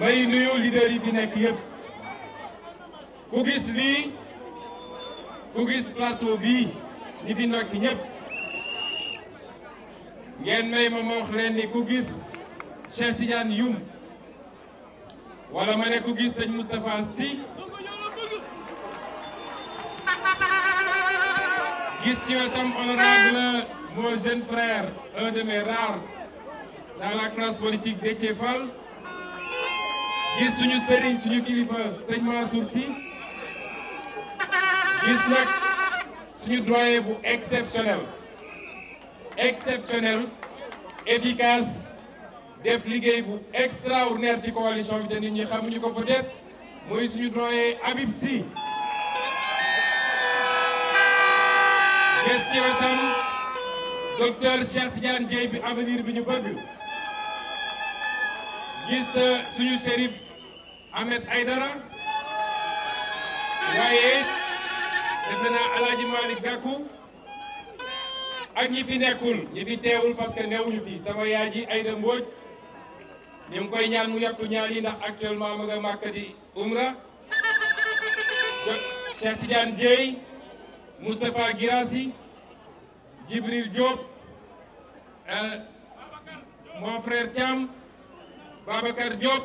may nuyu leader yi fi nek yeb ku gis ku gis plateau bi fi ñep ngeen may ma wax leen ni ku gis Cheikh Tidiane yum wala ma honorable mon jeune frère un de mes rares dans la classe politique de Fall gis suñu sëriñ suñu kilifa sëñ Mansour fi gis nag suñu doyen bu exceptionnel exceptionnel efficace def liggéey bu extraordinaire ci coalition bi te nit ñi xamuñu ko peut-être muy suñu doyen Habib si gis ci wetam docteur Cheikh Tidiane Dièye bi avenir bi ñu bëgg gis suñu shérif Ahmed Aydara waaye defe naa Alaaji Malick Gakou ak ñi fi nekkul ñi fi teewul parce que newuñu fi sama yaay ji Ayda Mbodj koy ñaan mu yokk ñaar yi ndax actuellement ma ga Màkka di umra Cheikh Tidiane Dieye Moustapha Girassi Djibril Diop euh, mon frère Thiam Babacar Diop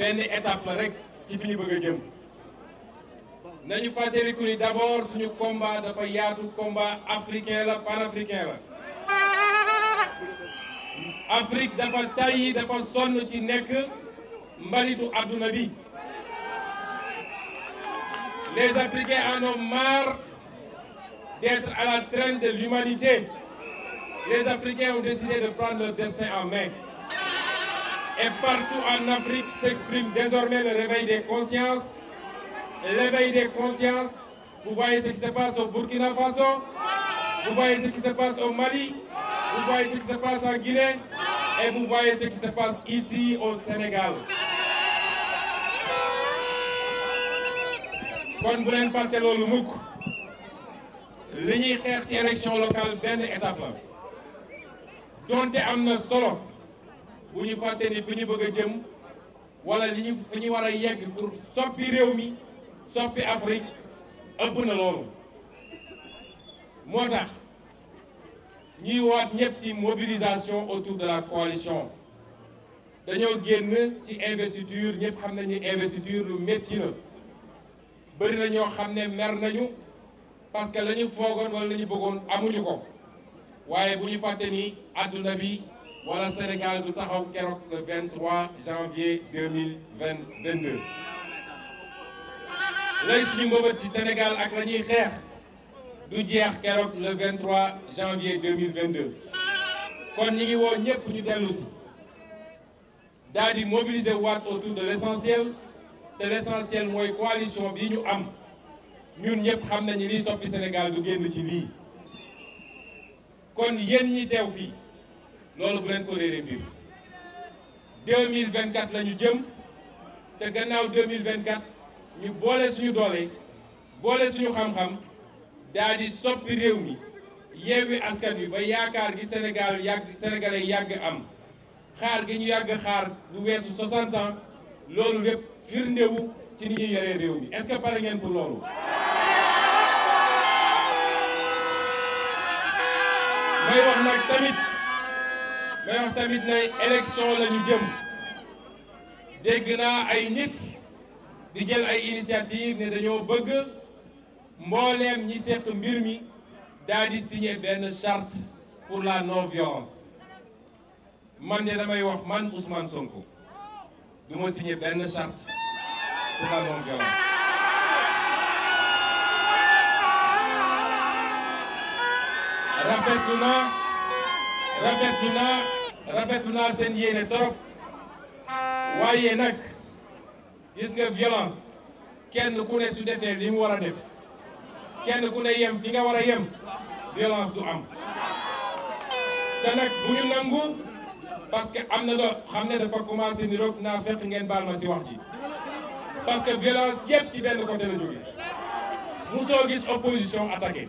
benn étape la rek ci fi bëgg jëm nañu d'abord suñu combat dafa yaatu combat africain la panafricain la Afrique dafa tàyyi dafa sonn ci nekk mbalitu des bi les Africains en ont marre d'être à la traîne de l'humanité les Africains ont décidé de prendre leur destin en main et partout en Afrique s'exprime désormais le réveil des consciences. L'éveil des consciences, vous voyez ce qui se passe au Burkina Faso, vous voyez ce qui se passe au Mali, vous voyez ce qui se passe en Guinée et vous voyez ce qui se passe ici au Sénégal. Quand élection locale ben étape solo bu ñu fàtte ni fi bëgg jëm wala li ñu fi ñu yegg pour soppi réew mi soppi Afrique ëpp na loolu moo tax ñuy waat ci mobilisation autour de la coalition dañoo génn ci investiture ñepp xam nañu investiture lu metti na bari na ñoo xam ne mer nañu parce que lañu ñu foogoon wala lañu ñu bëggoon amuñu ko waaye bu ñu fàtte ni àdduna bi wala Sénégal du taxaw Kérok le 23 janvier 2022 Le suñu mbëbët ci Sénégal ak la ñuy du jeex le 23 janvier 2022 kon ñi ngi woo ñëpp ñu dellu si di mobiliser autour de l'essentiel, essentiel l'essentiel l' coalition bi ñu am ñun ñëpp xam nañu liy soppi Sénégal du génn ci lii kon yéen ñi teew loolu bu leen ko réeree biir 2024 la ñu jëm te gannaaw 2024 ñu boole suñu doole boole suñu xam-xam daal di soppi réew mi yeewi askan wi ba yaakaar gi Sénégal yàgg sénégalais yàgg am xaar gi ñu yàgg xaar lu weesu 60 ans loolu lépp firndewu ci ni ñuy yoree réew mi est-ce que pare ngeen pour loolu. may wax nag tamit. Mais wax tamit ne élection la ñu jëm dégg naa ay nit di jël ay initiative ne dañoo bëgg moi ñi seq mbir mi daal signer benn charte pour la non violence man de damay wax man Ousmane Sonko du signer benn charte pour la non violence. rafetlu naa rafetlu naa sen yene seen yéene torop waaye nag gis nga violence kenn ku ne su defee li mu war def kenn ku ne yem fi nga wara yem violence du am te nak bu ñu nangu parce que amna do xamné xam ne dafa commencé ni rok na fekk ngeen baal ma si wax ji parce que violence yépp ci benn côté la jógee musoo gis opposition attaqué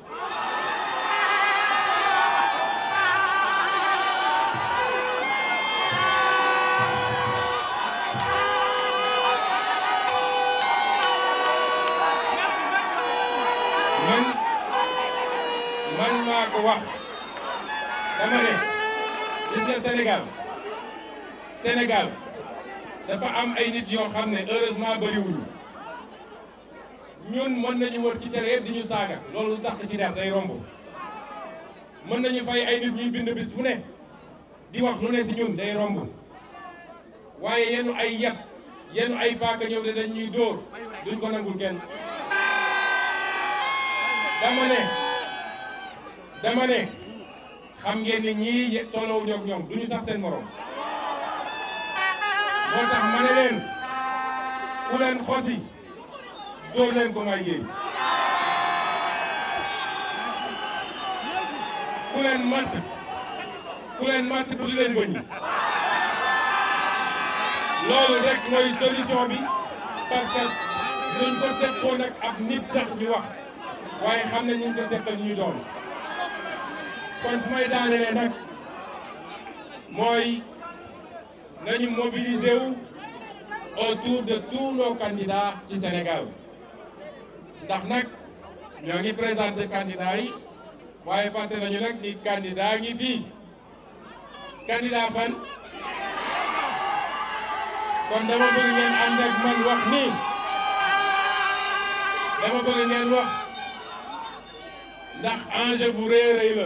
man maa ko wax dama ne gis nga Sénégal Sénégal dafa am ay nit yoo xam ne heureusement bëriwuñu ñun mën nañu wër ci télé yëpp di ñu saaga loolu tax ci der day romb mën nañu fay ay nit ñuy bind bis bu ne di wax lu ne si ñun day romb waaye yenu ay yat yenu ay paaka ñëw de dañ ñuy dóor duñ ko nangul kenn dama ne dama ne xam ngeen ni ñii tolloo ñoom ñoom duñu sax seen morom moo tax ma ne leen ku leen xosi dóor leen ko may yéen ku leen matt ku leen matt bu leen bëñi loolu rek mooy solution bi parce que duñ ko seqoon ab nit sax ñu wax waaye xam ne ñu ngi ko seqal ñu doon kon fu may daanelee nag mooy nañu mobiliser wu de tous nos ci Sénégal ndax nag ñoo ngi présenté candidats yi waaye fàtte nañu nag ni candidat ngi fii candidat fan kon dama bëgg ngeen ànd ak wax ni dama bëgg ngeen wax ndax enjeu bu rëy rëy la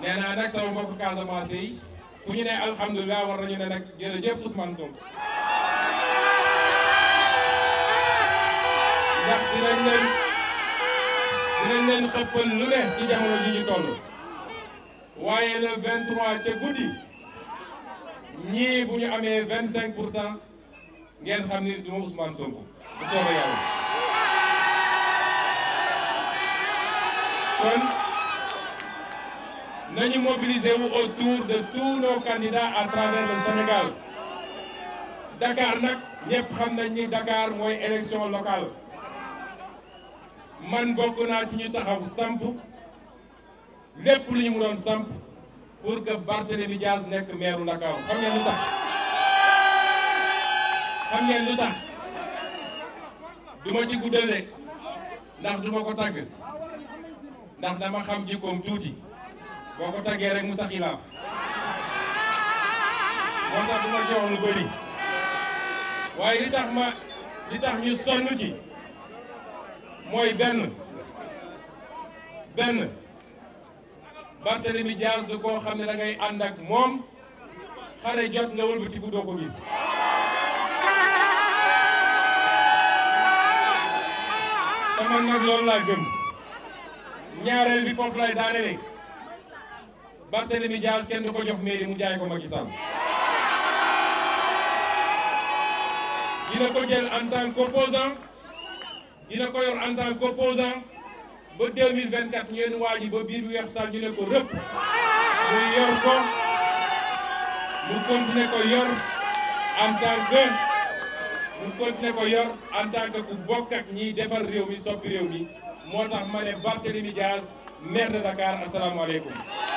nee naa nag sama mbokk Casamance yi ku ñu ne alhamdulilah war nañu ne nag jërëjëf Ousmane Sonko. ndax dinañ leen dinañ lu ne ci jamono ji ñu toll waaye le 23 ca guddi ñii bu ñu amee 25 pour cent ngeen xam ni duma Ousmane Sonko bu soobee yàlla kon. Nous mobiliser autour de tous nos candidats à travers le Sénégal Dakar nag ñëpp xam nañ ni Dakar mooy élection locale man Bokuna naa ci ñu taxaw samp lépp lu ñu mënoon samp pour que Barthélémy Diaz nekk maire Ndakaaru xam ngeen lu tax xam ngeen lu tax duma ci guddale ndax duma ko tàgg ndax dama xam jikkoom tuuti boo ko taggee rek mu sax xilaaf moo tax du ma jox lu bëri waaye li tax ma li tax ñu sonn ci mooy benn benn Barthélemy Dias du koo xam da ngay ànd ak xare jot nga wëlbatiku doo ko gis te man nag loolu ñaareel bi foofu daane rek Barthélemy Diaz kenn du ko jox mairie mu jaay ko Macky Sall dina ko jël en tant qu'opposant ko yor en tant qu'opposant ba 2024 ñeen waa ji ba biir bi weextal ñu ne ko rëpp mu yor ko mu ko yor en tant que mu ko yor en tant que ku bokk ak ñiy defar réew mi soppi réew mi moo tax ma ne Barthélemy Diaz maire de Dakar asalaamaaleykum